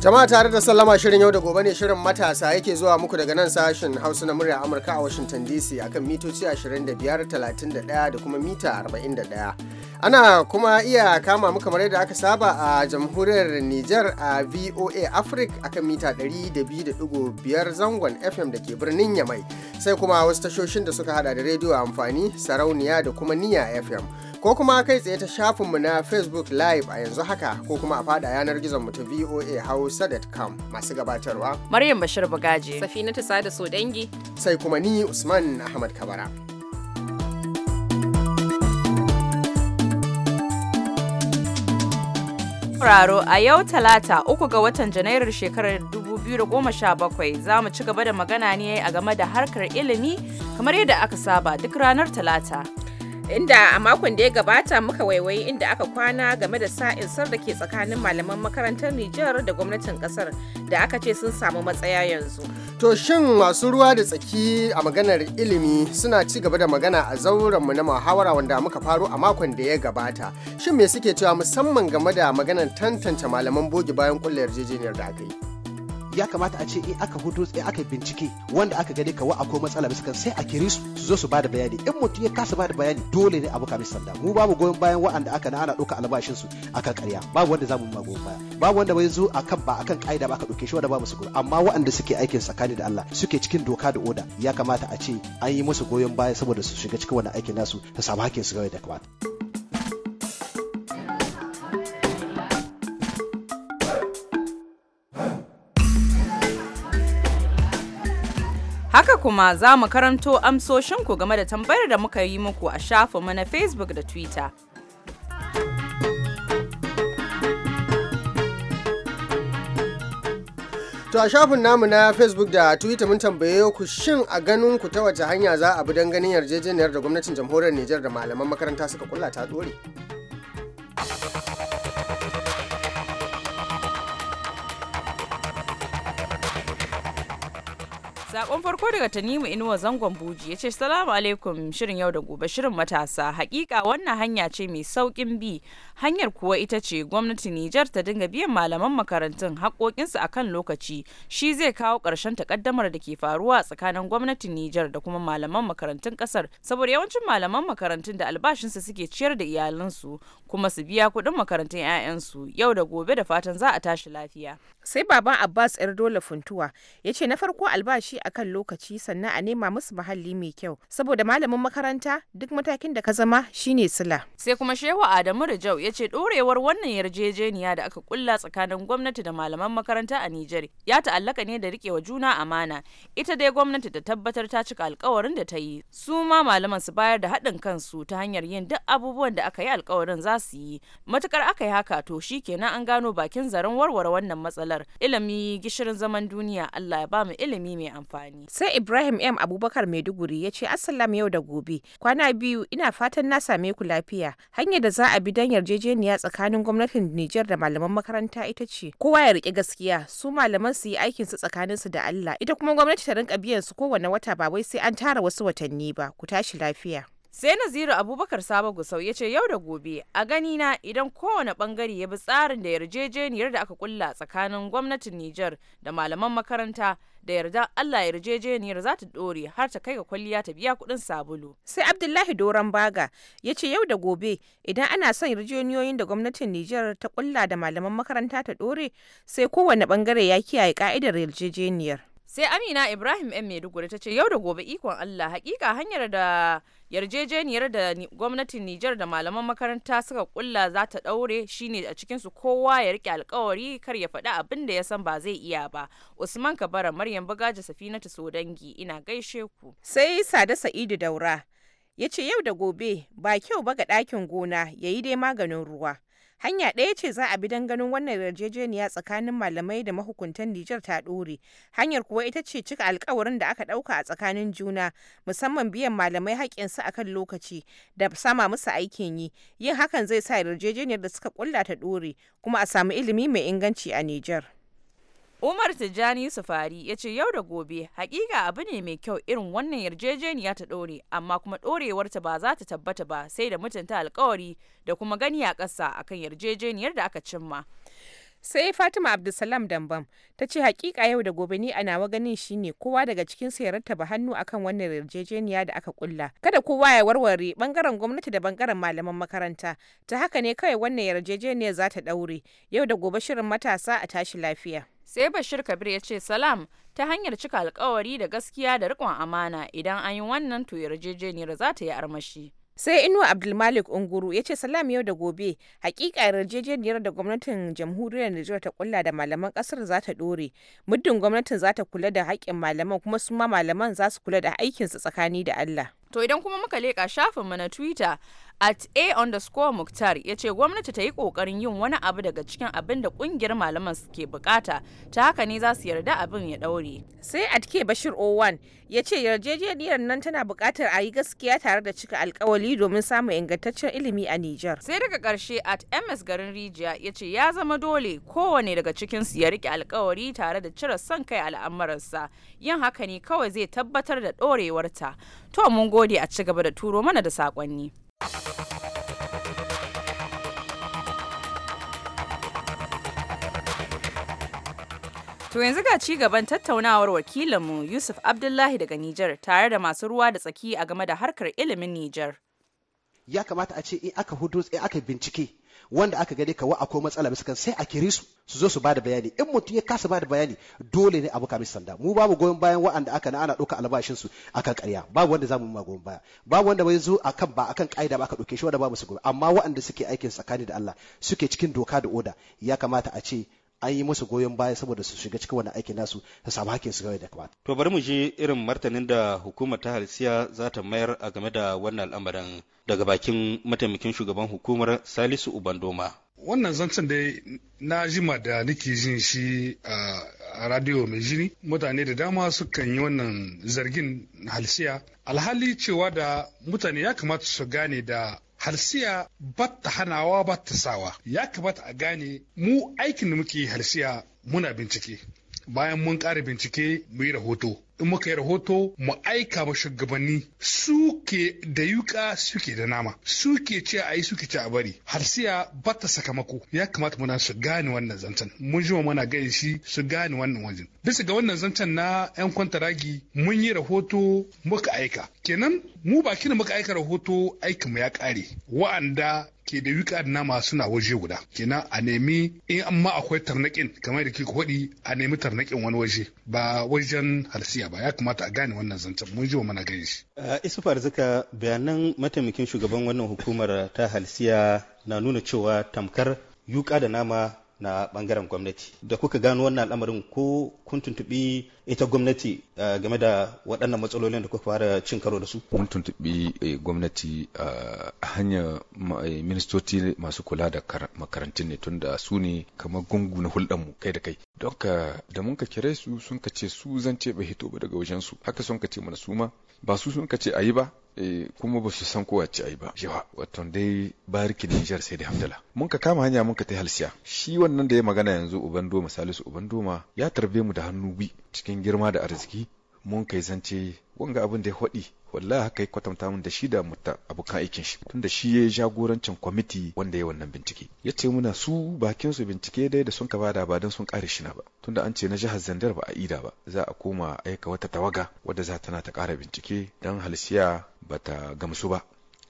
Jama'a tare da sallama shirin yau da gobe ne shirin matasa yake zuwa muku daga nan sashen Hausa na murya Amurka a Washington DC akan mitoci 25, 31 da kuma mita 41. Ana kuma iya kama muka kamar da aka saba a jamhuriyar Nijar a VOA Africa akan mita 102.5 zangon FM da ke birnin Yamai sai kuma wasu tashoshin da suka hada da rediyo amfani sarauniya da kuma niya FM. ko kuma kai tsaye ta shafinmu na facebook live a yanzu haka ko kuma a fada yanar gizon mu ta voa hausa.com masu gabatarwa maryam bashir bugaje safina ta sada so dangi sai kuma ni usman ahmad kabara raro a yau talata uku ga watan janairar shekarar 2017 za mu ci gaba da magana ne a game da harkar ilimi kamar yadda aka saba duk ranar talata. inda a makon da ya gabata muka waiwayi inda aka kwana game da sar da ke tsakanin malaman makarantar Nijar da gwamnatin kasar da aka ce sun samu matsaya yanzu. To shin masu ruwa da tsaki a maganar ilimi suna ci gaba da magana a zaurenmu na muhawara wanda muka faru a makon da ya gabata. Shin me suke cewa musamman game da maganar tantance malaman bogi bayan kullayar yarjejeniyar da aka yi? ya kamata a ce in aka hudu in aka bincike wanda aka gani kawai akwai matsala bisa sai a kiri su su zo su bada bayani in mutum ya kasa bada bayani dole ne abu kamin sanda mu babu goyon bayan wa'anda aka na ana ɗauka albashin su akan ƙarya babu wanda zamu ma goyon baya babu wanda bai zo akan ba akan ƙa'ida ba aka ɗauke shi wanda ba musu goyon amma wa'anda suke aikin tsakani da Allah suke cikin doka da oda ya kamata a ce an yi musu goyon baya saboda su shiga cikin wannan aikin nasu ta samu hakkin su ga da kamata. Haka kuma za mu karanto amsoshinku game da tambayar da muka yi muku a shafinmu na Facebook da Twitter. To a shafin namu na Facebook da Twitter mun tambaye ku shin a ganin ku ta wace hanya za a bi don ganin yarjejeniyar da gwamnatin jamhuriyar Nijar da malaman makaranta suka kulla ta dore. Sakon farko daga Tanimu Inuwa zangon Buji ya ce salamu alaikum shirin yau da gobe shirin matasa hakika wannan hanya ce mai saukin bi hanyar kuwa ita ce gwamnati Nijar ta dinga biyan malaman makarantun haƙoƙinsu kan lokaci shi zai kawo ƙarshen takaddamar da ke faruwa tsakanin gwamnatin Nijar da kuma malaman makarantun ƙasar saboda yawancin malaman makarantun da albashinsu suke ciyar da iyalansu kuma su biya kuɗin makarantun 'ya'yansu yau da gobe da fatan za a tashi lafiya. Sai baban Abbas 'yar dole Funtuwa ya ce na farko albashi a kan lokaci sannan a nema musu muhalli mai kyau saboda malamin makaranta duk matakin da ka zama shine sila. Sai kuma Shehu Adamu Rijau ya ce ɗorewar wannan yarjejeniya da aka kulla tsakanin gwamnati da malaman makaranta a Nijar ya ta'allaka ne da rike wa juna amana ita dai gwamnati da tabbatar ta cika alkawarin da ta yi su ma malaman su bayar da haɗin kansu ta hanyar yin duk abubuwan da aka yi alkawarin za su yi matukar aka yi haka to shi kenan an gano bakin zaren warware wannan matsalar ilimi gishirin zaman duniya Allah ya ba mu ilimi mai amfani sai Ibrahim M Abubakar Maiduguri ya ce assalamu yau da gobe kwana biyu ina fatan na same ku lafiya hanyar da za a bi dan yarjejeniya tsakanin gwamnatin Nijar da malaman makaranta ita ce kowa ya riƙe gaskiya su malaman su yi aikin su tsakanin su da Allah ita kuma gwamnati ta rinka biyan su kowane wata ba wai sai an tara wasu watanni ba ku tashi lafiya sai naziru abubakar sabo gusau ya ce yau da gobe a gani na idan kowane bangare ya bi tsarin da yarjejeniyar da aka kulla tsakanin gwamnatin niger da malaman makaranta da yarda allah yarjejeniyar za ta dore har ta kai ga kwalliya ta biya kudin sabulu sai abdullahi doron baga ya ce yau da gobe idan ana son yarjejeniyoyin da gwamnatin niger ta kulla da malaman makaranta ta dore sai kowane bangare ya kiyaye ka'idar yarjejeniyar sai amina ibrahim m maiduguri ta ce yau da gobe ikon allah hakika hanyar da yarjejeniyar da gwamnatin Nijar da malaman makaranta suka kulla za ta daure shine a cikin su kowa ya rike alkawari kar ya faɗi abin da ya san ba zai iya ba. Usman Kabara Maryam Bagaja Safinatu Sodangi ina gaishe ku. Sai Sada Sa'idu Daura ya ce yau da gobe ba kyau ba ga ɗakin gona ya yi dai maganin ruwa. Hanya ɗaya ce za a bi don ganin wannan yarjejeniya tsakanin malamai da mahukuntan Nijar ta ɗore, hanyar kuwa ita ce cika alkawarin da aka ɗauka a tsakanin juna, musamman biyan malamai haƙƙinsu akan lokaci da sama musu aikin yi. Yin hakan zai sa yarjejeniyar da suka ƙulla ta ɗore, kuma a samu ilimi mai inganci a Nijar. Umar Tijjani safari ya ce yau da gobe hakika abu ne mai kyau irin wannan yarjejeniya ta dore amma kuma ɗorewarta ba za ta tabbata ba sai da mutunta alkawari da kuma gani a ƙasa akan yarjejeniyar da aka cimma. sai fatima abdulsalam dambam ta ce hakika yau da gobe ni a nawa ganin shine kowa daga cikin su ya rattaba hannu akan wannan yarjejeniya da aka kulla kada kowa ya warware bangaren gwamnati da bangaren malaman makaranta ta haka ne kawai wannan yarjejeniyar za ta daure yau da gobe shirin matasa a tashi lafiya sai bashir kabir ya ce salam ta hanyar cika alkawari da gaskiya da rikon amana idan an yi wannan to yarjejeniyar za ta yi armashi sai inuwa abdulmalik unguru ya ce salam yau da gobe hakika yarjejeniyar da gwamnatin jamhuriyar nijar ta kulla da malaman kasar za ta dore muddin gwamnatin za ta kula da haƙƙin malaman kuma su ma malaman za su kula da aikinsu tsakani da allah to idan kuma muka leƙa shafinmu na twitter at a underscore muktar ya ce gwamnati ta yi kokarin yin wani abu daga cikin abin da kungiyar malaman ke bukata ta haka ne za su yarda abin ya daure sai at atke bashir o owan ya ce yarjejeniyar nan tana bukatar a yi gaskiya tare da cika alkawali domin samun ingantaccen ilimi a niger sai daga karshe at ms garin rijiya ya ce ya zama dole kowane daga cikin su ya rike alkawari tare da cire son kai al'amuransa yin haka ne kawai zai tabbatar da dorewarta to mun gode a ci gaba da turo mana da sakonni To yanzu ga ci gaban tattaunawar wakilinmu Yusuf Abdullahi daga Nijar tare da masu ruwa da tsaki a game da harkar ilimin Nijar. Ya kamata a ce in aka hudu in aka bincike wanda aka gane kawai akwai matsala bisa kan sai a kiri su su zo su bada bayani in mutum ya kasa bada bayani dole ne abu kamin sanda mu babu goyon bayan wa'anda aka na ana ɗauka albashin su akan ƙarya babu wanda zamu ma goyon baya babu wanda bai zo akan ba akan ƙa'ida ba aka ɗauke shi wanda babu su goyon amma wa'anda suke aikin tsakani da Allah suke cikin doka da oda ya kamata a ce an yi musu goyon baya saboda su shiga cikin wani aikin nasu su samu hakkin su da kamata. To bari mu ji irin martanin da hukumar ta halisiya za ta mayar a game da wannan al'amarin daga bakin mataimakin shugaban hukumar Salisu Ubandoma. Wannan zancen da na jima da nake jin shi a radio mai jini mutane da dama sukan yi wannan zargin halisiya alhali cewa da mutane ya kamata su gane da halsiya bata ta hanawa bata ta sawa ya kamata a gane mu aikin da muke halsiya muna bincike bayan mun ƙara bincike mu yi rahoto in muka yi rahoto mu aika ma shugabanni suke da yuka suke da nama suke ce a yi suke ce a bari harsiya bata ba ta sakamako ya kamata muna su gane wannan zancen mun ji muna gani shi su gane wannan wajen bisa ga wannan zancen na yan kwanta ragi mun yi rahoto muka aika kenan mu ba kina muka aika rahoto aikinmu ya ƙare wa'anda ke da wika da masu na waje guda kenan a nemi in amma akwai tarnakin kamar da kika faɗi a nemi tarnakin wani waje ba wajen halsiya ba ya kamata a gane wannan zancen mun ji wa mana gani shi eh, isufar zika bayanan mataimakin shugaban wannan hukumar ta halsiya na nuna cewa tamkar yuka da nama na bangaren gwamnati da kuka gano wannan al'amarin ko kun tuntubi ita gwamnati eh, game da waɗannan matsalolin da kuka fara cin karo da su mun tuntubi eh, gwamnati eh, a hanyar ministoci masu kula da makarantun ne tunda su ne kamar gungu na mu kai da kai don ka da mun ka kire su sun ka ce su zance bai hito ba daga wajen su haka sun ka ce mana su ma ba su sun ka ce a yi ba Eh, kuma ba su san kowace ai ba yawa wato dai bariki Niger sai da hamdala mun ka kama hanya mun ka ta halsiya shi wannan da ya magana yanzu uban doma salisu uban doma ya tarbe mu da hannu bi cikin girma da arziki mun kai zance wanga abin da ya faɗi wallahi haka ya kwatanta mun da shi da mutta abokan aikin shi tunda shi ya jagorancin kwamiti wanda ya wannan bincike ya ce muna su bakin su bincike dai da sun ka bada ba don sun kare shi na ba tunda an ce na jihar zandar ba a ida ba za a koma aika wata tawaga wadda za tana ta kara bincike don halsiya ba ta gamsu ba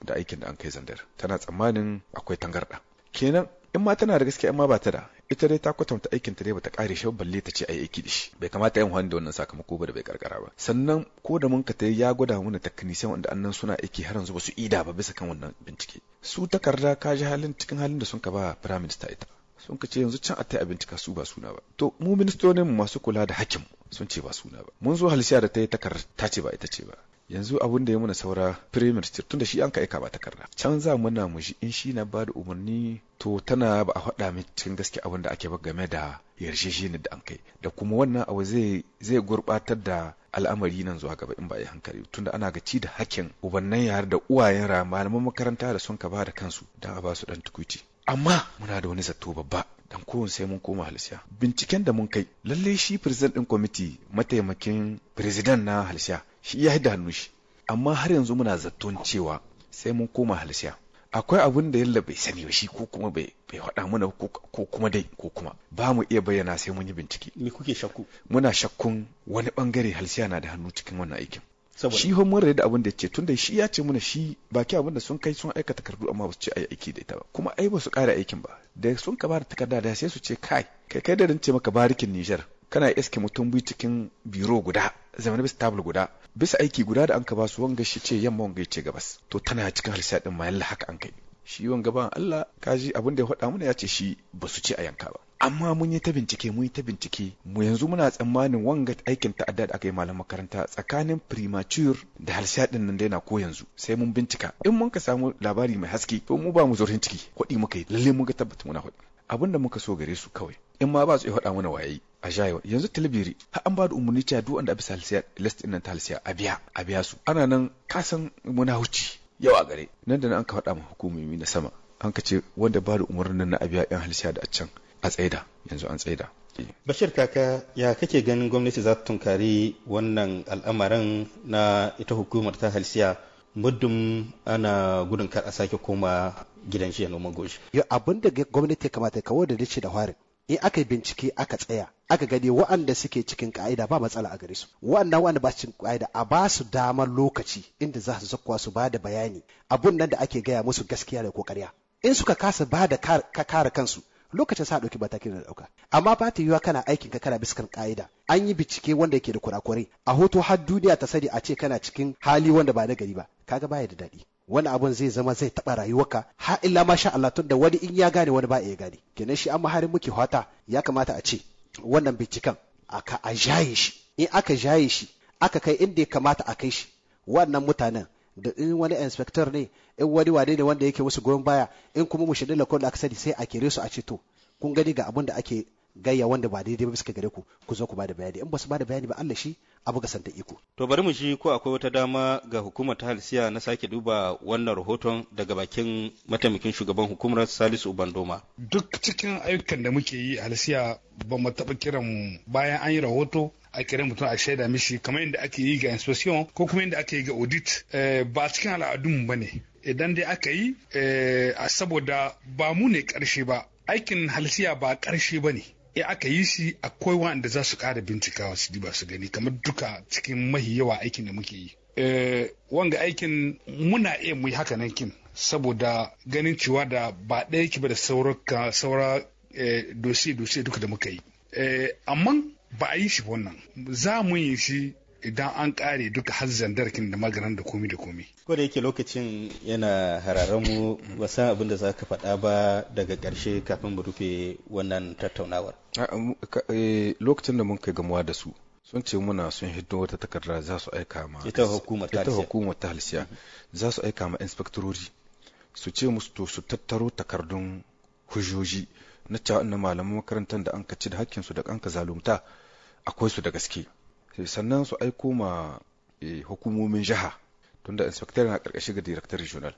da aikin da an kai zandar tana tsammanin akwai tangarɗa kenan in ma tana da gaske in ma ba ta da ita dai ta kwatanta aikin ta dai bata kare shi balle ta ce ai aiki da shi bai kamata yin wanda wannan sakamako ba da bai karkara ba sannan ko da mun ka ta ya gwada mana taknisiyan wanda annan suna aiki har yanzu ba su ida ba bisa kan wannan bincike su takarda ka ji halin cikin halin da sun ka ba prime minister ita sun ka ce yanzu can a ta bincika su ba suna ba to mu ministonin masu kula da hakim sun ce ba suna ba mun zo halsiya da ta yi ta ce ba ita ce ba yanzu abun da ya muna saura premier tun da shi an ka aika ba takarda can za muna mu mushi in shi na ba da umarni to tana ba a faɗa min cikin gaske abin da ake ba game da yarjejeni da an kai da kuma wannan abu zai zai gurɓatar da al'amari nan zuwa gaba in ba a yi hankali tunda ana gaci da hakkin ubannan yara da uwayen ra malaman makaranta da sun ka ba da kansu don a ba su dan tukuci amma muna da wani zato babba dan kowon sai mun koma halsiya binciken da mun kai lalle shi president din kwamiti mataimakin president na halsiya shi ya da hannun shi amma har yanzu muna zaton cewa sai mun koma halsiya akwai abin da yalla bai sani ba shi ko kuma bai faɗa mana ko kuma dai ko kuma ba mu iya bayyana sai mun yi bincike me kuke shakku muna shakkun wani bangare halsiya na da hannu cikin wannan aikin shi ho mun da abin da ce tun tunda shi ya ce mana shi baki abin da sun kai sun aika takardu amma ba su ce ai aiki da ita ba kuma ai ba su ƙara aikin ba da sun ka bada takarda da sai su ce kai kai kai da ce maka barikin Nijar. kana iske mutum biyu cikin biro guda Zamanin bis table guda bisa aiki guda da an ka basu wanga shi ce yamma wanga ce gabas to tana cikin harshen ma yalla haka an kai shi wanga ban Allah kaji abin da ya faɗa mana ya ce shi ba su ce a yanka ba amma mun yi ta bincike mun yi ta bincike mu yanzu muna tsammanin wanga aikin ta'adda da aka yi malam makaranta tsakanin primature da halshadin nan da yana ko yanzu sai mun bincika in mun ka samu labari mai haske to mu ba mu zorin ciki kuɗi muka yi lalle mun ga tabbata muna kuɗi abin da muka so gare su kawai in ma ba su iya faɗa mana waye a jayewa yanzu talibiri ha an ba da umarni cewa duk wanda bisa halsiya list din nan ta halsiya a biya a biya su ana nan kasan muna huci yau a gare nan da nan an ka faɗa ma hukumomi na sama an ka ce wanda ba da umarnin nan na a biya yan halsiya da a can a tsaida yanzu an tsaida eh. bashir kaka ya kake ganin gwamnati za ta tunkari wannan al'amarin na ita hukumar ta halsiya muddin ana gudun kar a sake koma gidan shi ya noma goshi abin da gwamnati ya kamata kawo da dace da harin in aka bincike aka tsaya aka gani waɗanda suke cikin ka'ida ba matsala a gare su waɗanda waɗanda ba su cikin ka'ida a ba su damar lokaci inda za su zakkuwa su ba da bayani abun nan da ake gaya musu gaskiya da ko in suka kasa ba da kare kansu lokacin sa ɗauki matakin da dauka amma ba ta yiwa kana aikin ka kana biskan ka'ida an yi bincike wanda yake da kurakurai a hoto har duniya ta sani a ce kana cikin hali wanda ba na gari ba kaga baya da daɗi wani abun zai zama zai taɓa rayuwarka har illa masha Allah da wani in ya gane wani ba ya gane kenan shi an maharin muke hwata ya kamata a ce wannan binciken aka a jaye shi in aka jaye shi aka kai inda ya kamata a kai shi wannan mutanen da in wani inspector ne in wani wane ne wanda yake wasu goyon baya in kuma mu shidin lakon da aka sani sai a kere su a ce to kun gani ga abin da ake gayya wanda ba daidai ba suka gare ku ku zo ku ba da bayani in ba su ba da bayani ba Allah shi a buga santa iko. To bari mu shi ko akwai wata dama ga hukumar ta halsiya na sake duba wannan rahoton daga bakin mataimakin shugaban hukumar Salisu Ubandoma. Duk cikin ayyukan da muke yi a halsiya ba mu taɓa kiran bayan an yi rahoto a kira mutum a shaida mishi kamar yadda ake yi ga inspection ko kuma yadda ake yi ga audit eh, ba cikin al'adun ba ne. Idan dai aka yi eh, saboda ba mu ne ƙarshe ba aikin halisiya ba ƙarshe ba ne. ya aka yi shi akwai waɗanda za su ƙara bincikawa su diba su gani kamar duka cikin mahi yawa aikin da muke yi eh, wanga aikin muna iya muyi yi haka nan kin saboda ganin cewa da ba ɗaya ki ba da saura eh, dosiye-dosiye duka da muka yi eh, amma ba a yi shi wannan za mu yi shi idan an kare duka har zandarkin da maganin da komi da komi. Ko da yake lokacin yana hararren mu ba san abin da za ka faɗa ba daga ƙarshe kafin mu rufe wannan tattaunawar. E, lokacin da mun kai gamuwa da su sun ce muna sun hiddo wata takarda za su aika ma ita hukumar ta halsiya mm-hmm. za su aika ma inspektorori su ce musu to su tattaro takardun hujjoji na cewa malaman makarantar da an ka ci da hakkinsu da an ka zalumta akwai su da gaske Eh, sannan su aiko ma eh, hukumomin jiha tunda inspector na karkashin ga director regional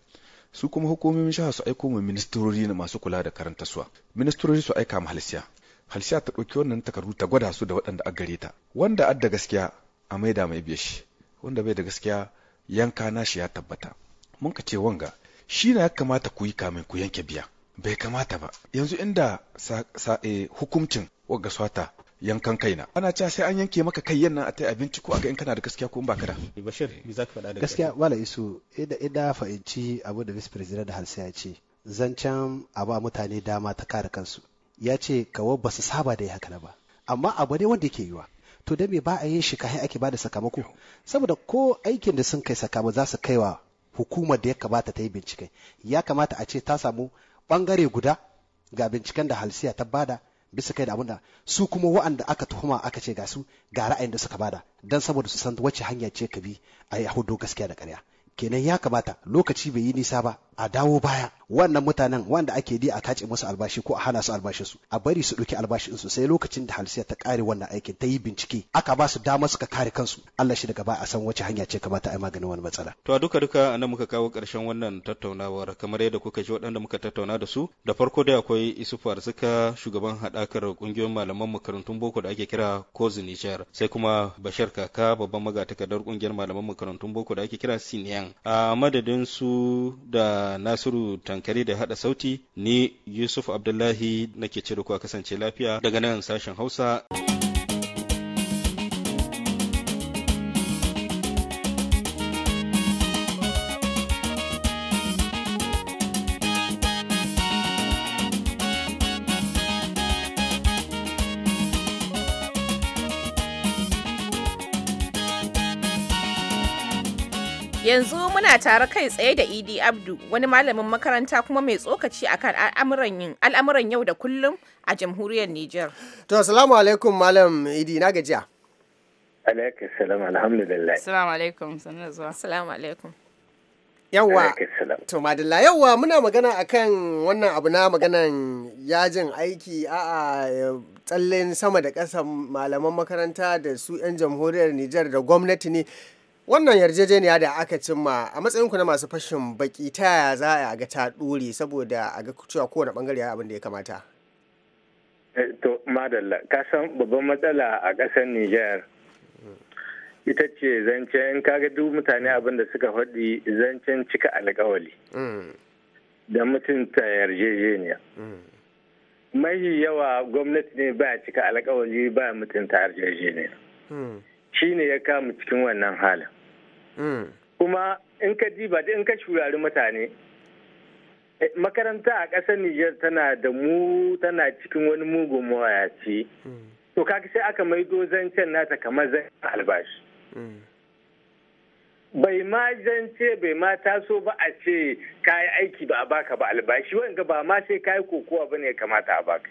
su kuma hukumomin jiha su aiko ma ministerori na masu kula da karanta suwa ministerori su aika ma halsiya halsiya ta ɗauki wannan takardu ta gwada su da waɗanda an gare ta wanda adda gaskiya a maida mai biya shi wanda bai da gaskiya yanka na shi ya tabbata mun ka ce wanga shi na ya kamata ku yi kamin ku yanke biya bai kamata ba yanzu inda eh, hukumcin wagga swata yankan na. ana cewa sai an yanke maka kai yannan a tai abinci ko a ga in kana da gaskiya ko in baka da eh, bashir me zaka faɗa da gaskiya wala isu ida ida fa'inci abu da vice president da halsa ya ce zancen a ba mutane dama ta kare kansu ya ce kawai ba su saba da yi haka ba amma abu ne wanda yake yiwa to da me ba a yi shi kai ake ba da sakamako saboda ko aikin da sun kai sakamako za su kaiwa hukumar da ya kamata ta yi bincike ya kamata a ce ta samu bangare guda ga binciken da halsiya ta bada bisa kai da abinda su kuma wa'anda aka tuhuma aka ce ga su ga ra'ayin da suka bada dan saboda su san wacce hanya ce ka bi a yahudo gaskiya da ƙarya kenan ya kamata lokaci bai yi nisa ba a dawo baya wannan mutanen wanda ake di a kace musu albashi ko a hana su albashin su a bari su ɗauki albashin su sai lokacin da halsiya ta kare wannan aikin ta yi bincike aka ba su dama suka kare kansu Allah shi daga ba a san wace hanya ce kamata a yi maganin wani matsala to a duka duka anan muka kawo ƙarshen wannan tattaunawar kamar yadda kuka ji waɗanda muka tattauna da su da farko dai akwai Isufu suka shugaban haɗakar ƙungiyoyin malaman makarantun boko da ake kira Kozu Niger sai kuma Bashir Kaka babban magatakardar ƙungiyar malaman makarantun boko da ake kira Siniyan a madadin su da Nasiru Tankari da hada sauti ni Yusuf Abdullahi nake ce ku a kasance lafiya daga nan sashen Hausa. yana tare kai tsaye da Idi Abdu, wani malamin makaranta kuma mai tsokaci akan al'amuran yau da kullum a jamhuriyar Nijar. To, salamu alaikum malam Idi, na gajiya. Alaikum salam, alhamdulillah. Salamu alaikum, sanar zuwa. Salamu alaikum. Yawwa, to madalla yawwa muna magana akan wannan abu na maganan yajin aiki a tsallen sama da ƙasa malaman makaranta da su 'yan jamhuriyar Nijar da gwamnati ne. wannan yarjejeniya da aka cimma a matsayinku na masu fashin baki ta yaya za a ga ta ɗore saboda a ga cewa kowane bangare ya abin da ya kamata eh, to madalla kasan babban matsala a ƙasar niger ita ce zancen in ga duk mutane abin da suka faɗi zancen cika alkawali mm. da mutunta yarjejeniya mm. mai yawa gwamnati ne ba cika alkawali ba mutunta yarjejeniya mm. shi ne ya kama cikin wannan halin Mm. kuma in ka diba in ka shurari mutane eh, makaranta a ƙasar Nijar tana da mu tana cikin wani mugun mawayaci mm. to kaki sai aka maido zancen nata kamar zancen albashi mm. bai ma zance bai ma taso ba a ce kayi aiki ba a baka ba albashi wanga ba ma sai kayi kokowa ba ne ya kamata a baka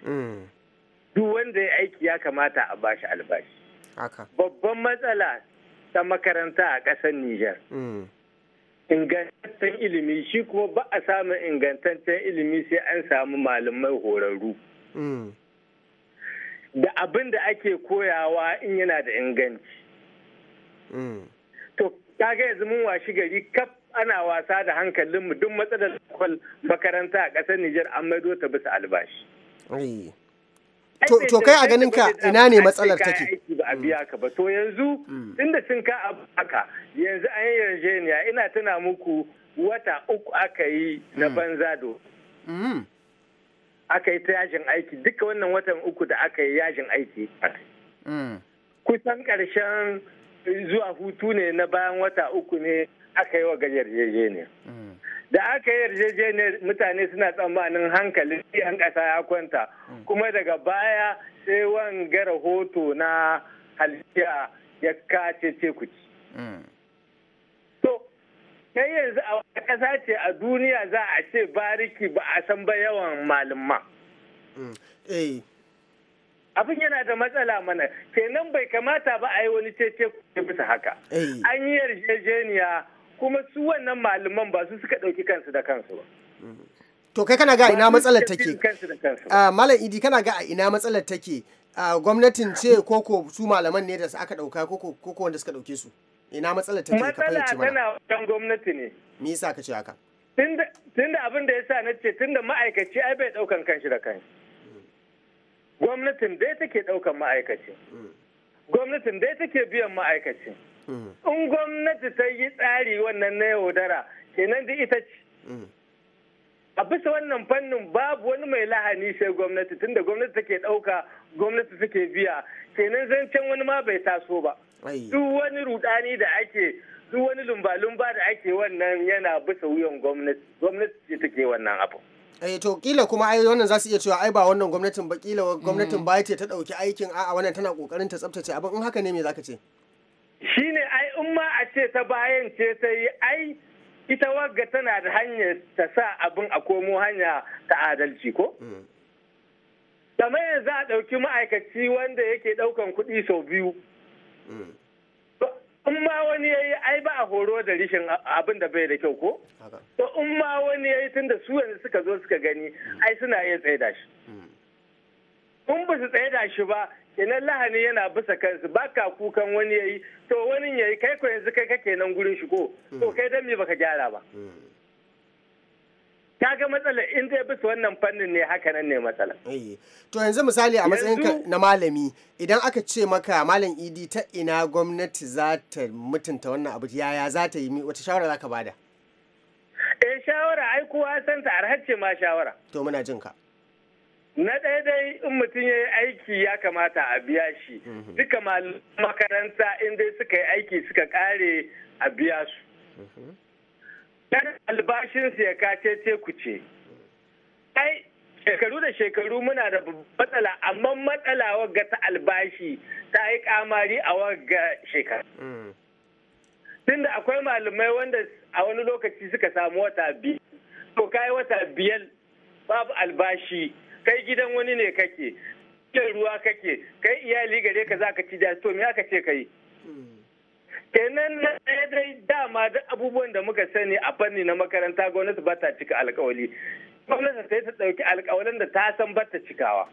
duk wanda ya aiki ya kamata a bashi albashi babban matsala ta makaranta a ƙasar Nijar. Mm. Ingantaccen ilimi shi kuma ba a samun ingantaccen ilimi sai an samu malamai horarru. Mm. Da abin da ake koyawa in yana da inganci. Mm. To, kaga yanzu mun washi gari kaf ana wasa da hankalinmu duk matsalar makaranta a ƙasar Nijar an maido ta bisa albashi. to kai a ganin ka ina ne matsalar take ba a biya ka ba to yanzu hmm. tunda sun ka haka yanzu an yi yarjejeniya ina tana muku wata uku aka yi na hmm. banza do hmm. aka yi ta yajin aiki duka wannan watan uku da aka yi yajin aiki kusan karshen zuwa hutu ne na bayan wata uku ne aka yi wa gajar yarjejeniya. da aka yi yarjejeniyar mutane suna tsammanin hankalin yan ƙasa ya kwanta mm. kuma daga baya sai wanga rahoto na halitta ya kace ce kuci. Mm. to kai yanzu a wata ƙasa ce a duniya za a ce bariki ba a san ba yawan malumma. Mm. Eh. abin yana da matsala mana kenan bai kamata ba a yi wani cece bisa haka eh. an yi yarjejeniya kuma su wannan malaman ba su suka ɗauki kansu da kansu ba. To kai kana ga ina matsalar take? Ah, Malam Idi kana ga a ina matsalar take? Ah, gwamnatin ce koko su malaman ne da aka ɗauka koko wanda suka ɗauke su? Ina matsalar take ka fahimci mana? Matsala tana wajen gwamnati ne. Me yasa ka ce haka? Tunda abin da ya sa na ce tunda ma'aikaci ai bai ɗaukan kanshi da kanshi. Gwamnatin dai take ɗaukan ma'aikaci. Mm. Gwamnatin dai take biyan ma'aikaci. in gwamnati ta yi tsari wannan na yaudara kenan da ita ce mm. a bisa wannan fannin babu wani mai lahani sai gwamnati tunda gwamnati take dauka gwamnati take biya kenan zancen wani ma bai taso ba duk wani rudani da ake duk wani lumba-lumba da ake wannan yana bisa wuyan gwamnati gwamnati ce take wannan abu eh to kila kuma ai wannan za su iya cewa ai ba wannan gwamnatin ba kila mm. gwamnatin ba ta dauki aikin a'a wannan tana kokarin ta tsaftace abin in haka ne me zaka ce shine ai in ma a ce ta bayan ce ta yi ai ita wagga tana da hanyar ta sa abin a komo hanya ta adalci ko? Mm. kamar za a ɗauki ma'aikaci wanda yake ɗaukan kuɗi sau biyu mm. in ma wani ya yi ai ba a horo da rishin abin da bai da kyau ko? to in ma wani ya yi tun da su yanzu suka zo suka gani mm. ai suna iya da shi in ba su tsaida shi ba Ina lahani yana bisa kansu ba ka kukan wani yayi to wani yayi kai ko yanzu kai kake nan gurin shi ko hmm. to kai dan me baka gyara ba hmm. ga matsala in dai bisa wannan fannin ne haka nan ne matsala to yanzu misali a matsayin na malami idan aka ce maka malam idi ta ina gwamnati za ta mutunta wannan abu yaya za ta yi wata shawara za ka bada eh shawara ai kowa san ta arhacce ma shawara to muna jin ka na daidai in mutum ya yi aiki ya kamata a biya shi mhm. duka makaranta in dai suka yi aiki suka kare a biya su mhm. ɗan albashinsu ya kace ce ku ce ai shekaru da shekaru muna da matsala amma matsala wagga ta albashi ta yi kamari a wagga shekaru mm. tunda akwai malamai wanda a wani lokaci suka samu wata biyu to kai wata biyar babu albashi kai gidan wani ne kake kai ruwa kake kai iyali gare ka zaka ci to me aka ce kai kenan na dai dama da abubuwan da muka sani a fanni na makaranta gwamnati ba ta cika alkawali gwamnati sai ta ɗauki alkawalin da ta san ba ta cikawa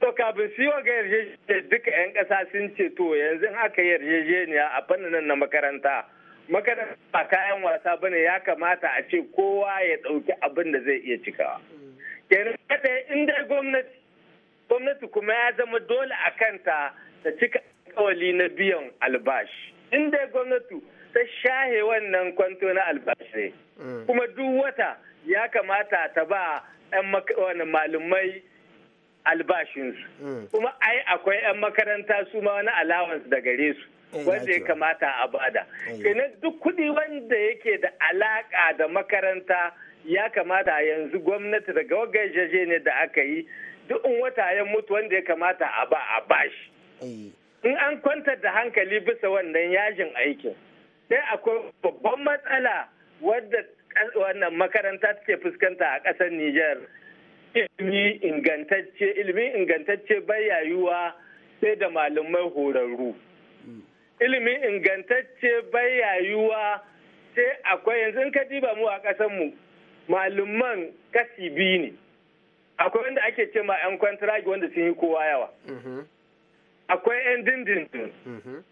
to kafin su yi ga yarjejeniya duka 'yan kasa sun ce to yanzu aka yarjejeniya a fannin na makaranta makaranta ba kayan wasa bane ya kamata a ce kowa ya ɗauki abin da zai iya cikawa. kenan kada in dai gwamnati gwamnati kuma ya zama dole a kanta ta cika alkawali na biyan albashi in dai gwamnati ta shahe wannan kwanto na albashi mm. kuma duk wata ya kamata ta ba 'yan malumai albashinsu mm. kuma ai akwai 'yan makaranta su ma wani alawans da gare su eh, wanda ya kamata a bada eh. kenan duk kudi wanda yake da alaka da makaranta ya kamata a yanzu gwamnati daga wagajaje ne da aka yi duk in wata ya mutu wanda ya kamata a ba a bashi eh. in an kwantar da hankali bisa wannan yajin aikin sai akwai babban matsala wadda wannan makaranta take fuskanta a ƙasar Nijar ilimi ingantacce ilimi ingantacce sai da malamai horarru hmm. Ilimin ingantacce baya sai akwai yanzu in ka diba mu a ƙasar mu malumman kasi biyu ne akwai wanda ake ce ma 'yan kwantiragi wanda sun yi kowa yawa mhm. akwai 'yan dindindin mhm.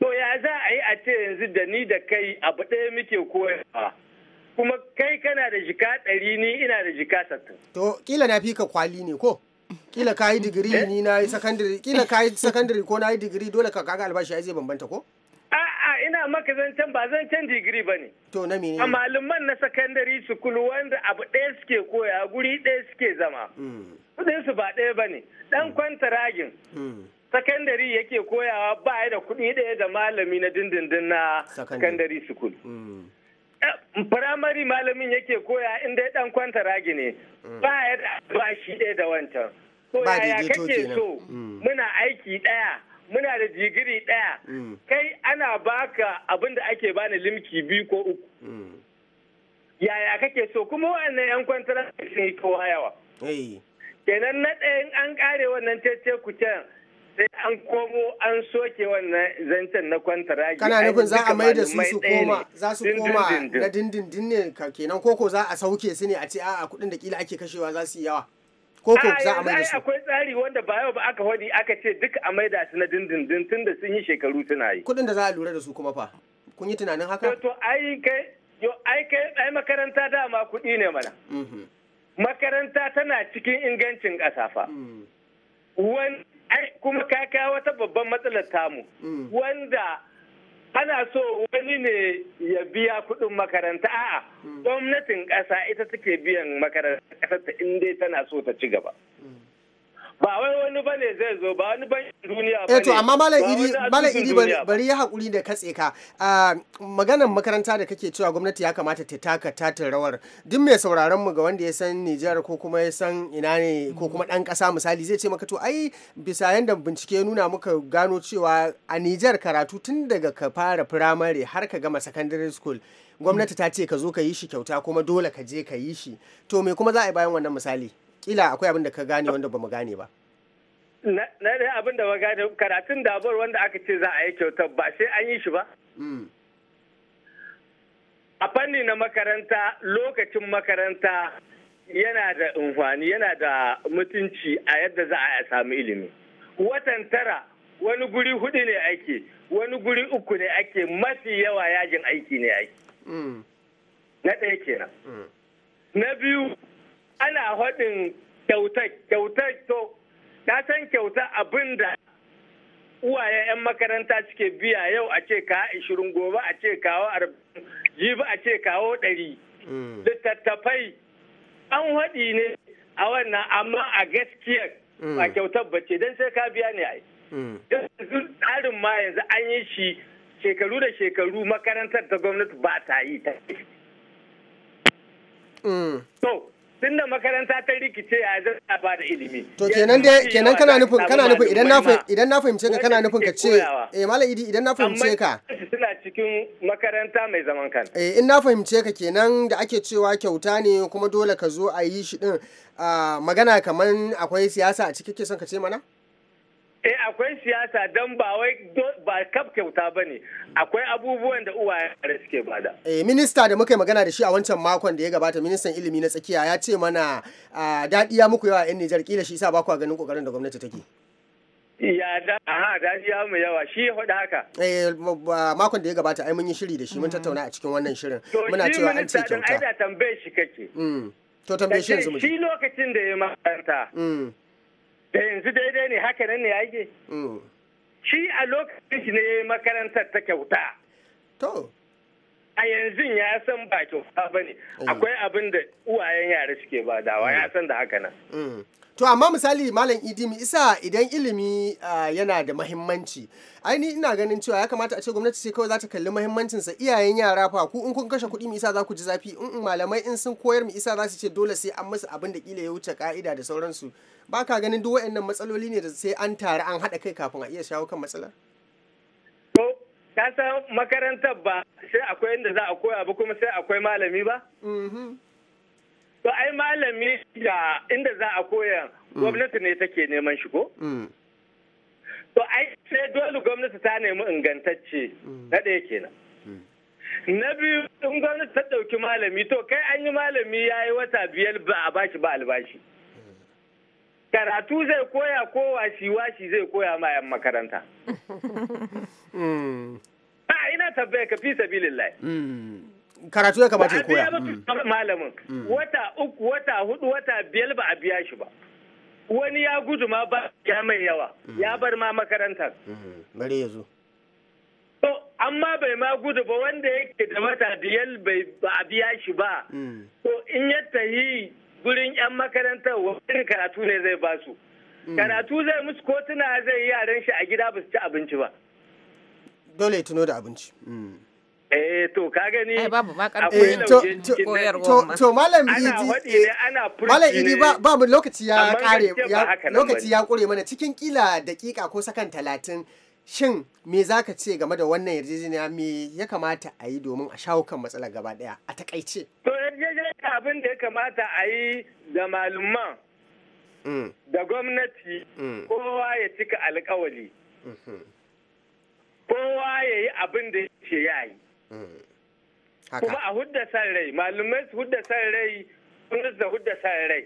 to ya za a yi a ce yanzu da ni da kai abu ɗaya muke koyarwa kuma kai kana da jika ɗari ni ina da jika sattu to kila na fi ka kwali ne ko kila ka yi digiri eh? ni na yi sakandare kila ka yi ko na yi digiri dole ka kaga albashi ya zai bambanta ko A'a ina maka zancen ba zancen digiri ba ne. To na mene? A malaman na sakandare sukul wanda abu ɗaya suke koya guri ɗaya suke zama. Mm. Kudin su ba ɗaya ba ne. Ɗan mm. ragin. Mm. Sakandare yake koyawa ba ya da kuɗi ɗaya da malami na dindindin na sakandare sukul. Firamare malamin yake koya inda ya ɗan ragi ne. Ba ya da bashi ɗaya da wancan. Ko yaya kake so muna aiki ɗaya. muna da jigiri ɗaya mm. kai ana baka abin da ake bani limki biyu ko uku mm. yaya kake so kuma wannan 'yan kwantar ne ko hayawa kenan na ɗayan an kare wannan cece kucen sai an komo an soke wannan zancen na kwantaragi kana nufin za a mai da su su koma za su koma na dindindin ne kenan koko za a sauke su ne a ce a'a kudin da kila ake kashewa za su yi yawa ko ko za a maida su akwai tsari wanda ba yau ba aka hodi aka ce duk a maida su na dindindin tun da sun yi shekaru suna yi kuɗin da za a lura da su kuma fa kun yi tunanin haka to ai kai yo ai kai ai makaranta dama kudi ne mana mhm. makaranta tana cikin ingancin ƙasa fa mhm. wani kuma kaka wata babban matsalar tamu mhm. wanda ana so wani ne ya biya kudin makaranta a'a hmm. gwamnatin ƙasa ita take biyan makaranta ƙasar ta in tana so ta ci gaba hmm. ba wai wani bane zai zo ba wani ban duniya eh bane to amma malam idi malam idi bari ya hakuri da katse ka ah, maganar makaranta da kake cewa gwamnati ya kamata ta taka tatin rawar duk mai sauraron mu ga wanda ya san Nijar ko kuma ya san ina ne ko kuma dan kasa misali zai ce maka to ai bisa yanda bincike ya nuna muka gano cewa a Nijar karatu tun daga ka fara firamare har ka gama secondary school gwamnati ta ce ka zo ka yi shi kyauta kuma dole ka je ka yi shi to me kuma za a yi bayan wannan misali kila akwai abin da ka gane wanda ba mu gane ba na dai abin da ba gane karatun dabar wanda aka ce za a yi kyautar ba sai an yi shi ba hmm. a fanni na makaranta lokacin makaranta yana da amfani yana da mutunci a yadda za a samu ilimi watan tara wani guri hudu ne ake wani guri uku ne ake mafi yawa yajin aiki ne ake hmm. na ɗaya kenan hmm. na biyu ana haɗin kyautar kyautar to na san kyauta abin da uwayen 'yan makaranta suke biya yau a ce kawo ashirin gobe a ce kawo arba'in jibi a ce kawo ɗari mm. littattafai an haɗi ne a wannan amma a gaskiya a mm. kyautar bace don sai ka biya ne ai mm. yanzu tsarin ma yanzu an yi shi shekaru da shekaru makarantar ta gwamnati ba ta yi ta yi tunda makaranta ta rikice a zan ba da ilimi to kenan dai kenan kana nufin kana nufin idan na idan na fahimce ka kana nufin ka ce eh malam idi idan na fahimce ka suna cikin makaranta mai zaman kan eh in na fahimce ka kenan da ake cewa kyauta ne kuma dole ka zo a yi shi din ah, magana kamar akwai siyasa a ciki ke son ka ce mana Eh akwai siyasa don ba wai ba kaf kyauta ba ne akwai abubuwan da uwaye suke bada. Eh minista da muka yi magana da shi a wancan makon da ya gabata ministan ilimi na tsakiya ya ce mana ah, daɗi ya muku yawa 'yan Nijar kila shi sa ba a ganin kokarin da gwamnati take. Ya da aha ya mu yawa shi ya faɗi haka. Eh makon da ya gabata ai mun yi shiri da shi mun tattauna a cikin wannan shirin. Muna cewa an ce kyauta. To shi tambaye shi kake. Mm. To tambaye shi yanzu mu. Shi lokacin da ya makaranta. Mm. da yanzu daidai ne haka nan ne yake mm. shi a lokacin shi ne makarantar ta kyauta to a yanzu ya san ba kyauta ba ne mm. akwai abin da uwayen yara suke ba dawa ya mm. san da haka nan to amma misali malam idi idimi isa idan ilimi yana da mahimmanci aini ina ganin cewa ya kamata a ce gwamnati ce kawai za ta kalli mahimmancin sa iyayen yara fa ku in kun kashe kuɗi mu isa za ku ji zafi in malamai in sun koyar mu isa za su ce dole sai an musu abin da kila ya wuce ka'ida da sauransu ba ka ganin duk waɗannan matsaloli ne da sai an tare an haɗa kai kafin a iya shawo kan matsalar ka san makarantar ba sai akwai inda za a koya ba kuma sai akwai malami ba mm-hmm. To ai malami da inda za a koya mm. gwamnati ne take neman shigo. Mm. To ai sai dole gwamnati ta nemi ingantacce mm. na ɗaya kenan. Na biyu in gwamnati ta ɗauki malami to kai an yi malami ya yi wata biyar ba a bashi ba albashi. Karatu zai koya ko washi washi zai koya ma 'yan makaranta. A ina tabbai ka fi sabilillahi. karatu ya kamata ya koya mm. malamin mm. wata uku wata hudu wata biyar ba a biya shi ba wani ya gudu ma ba ya mai yawa mm. ya bar ma makarantar bari ya zo to amma bai ma gudu ba wanda yake da wata biyar bai ba a biya shi ba to in ya tahi gurin yan makarantar wani karatu ne zai ba su karatu zai musu kotuna zai yi yaran shi a gida ba su ci abinci ba dole tuno da abinci Eh to ka gani babu ma karfin eh, koyarwa to malam idi eh, malam idi ba ba lokaci ya kare lokaci ya kure mana cikin kila dakika ko sakan talatin shin me za ka ce game da wannan yarjejeniya me ya kamata a yi domin a shawo kan matsalar gaba daya a takaice to yarjejeniya abin da ya kamata a yi da malaman mm. da gwamnati mm. kowa ya cika alkawali mm-hmm. kowa ya yi abin da ya ce ya yi kuma a hudda san rai malumai su hudda san rai sun da hudda san rai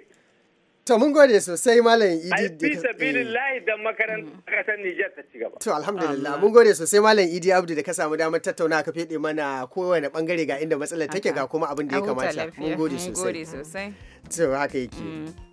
To mun gode sosai Malam Idi. Ai sabilillahi eh. dan makarantar kasar mm. Nijar ta ci gaba. To alhamdulillah mun gode sosai Malam Idi Abdu da ka samu damar tattauna ka fede mana kowane bangare ga inda matsalar take ga kuma abin da ya kamata. Mun gode sosai. To haka yake. Mm.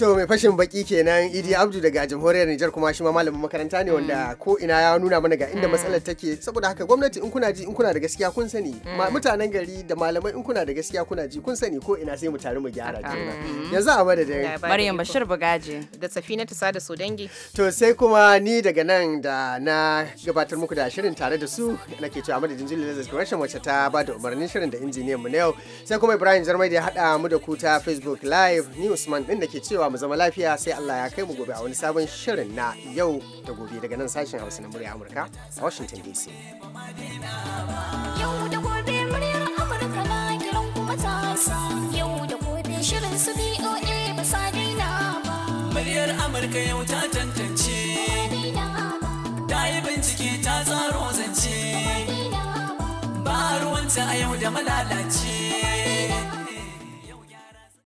to mai fashin baki kenan idi mm. abdu daga jamhuriyar nijar kuma shi ma malamin makaranta ne wanda mm. ko ina ya nuna mana ga inda mm. matsalar take saboda haka gwamnati in kuna ji in kuna da gaskiya kun sani mutanen gari da malamai in kuna da gaskiya kuna ji kun sani ko ina sai mu tare mu gyara ah, juna yanzu a madadin maryam bashir bugaje da safina ta sada so dangi to sai kuma ni daga nan da na gabatar muku da shirin tare da su nake cewa madadin jilin lazar correction wacce ta ba da umarnin shirin da injiniyan mu na yau sai kuma ibrahim jarmai da ya haɗa mu da ku ta facebook live ni usman din da ke cewa mu zama lafiya sai Allah ya kai mu gobe a wani sabon shirin na yau da gobe daga nan sashen Hausa na murya Amurka a Washington DC. Yau da gobe muryar Amurka na kiran ku yau da gobe shirin su BOA ba ba. Muryar Amurka yau ta tantance. Ta yi bincike ta tsaro zance. Ba ruwanta a yau da malalace.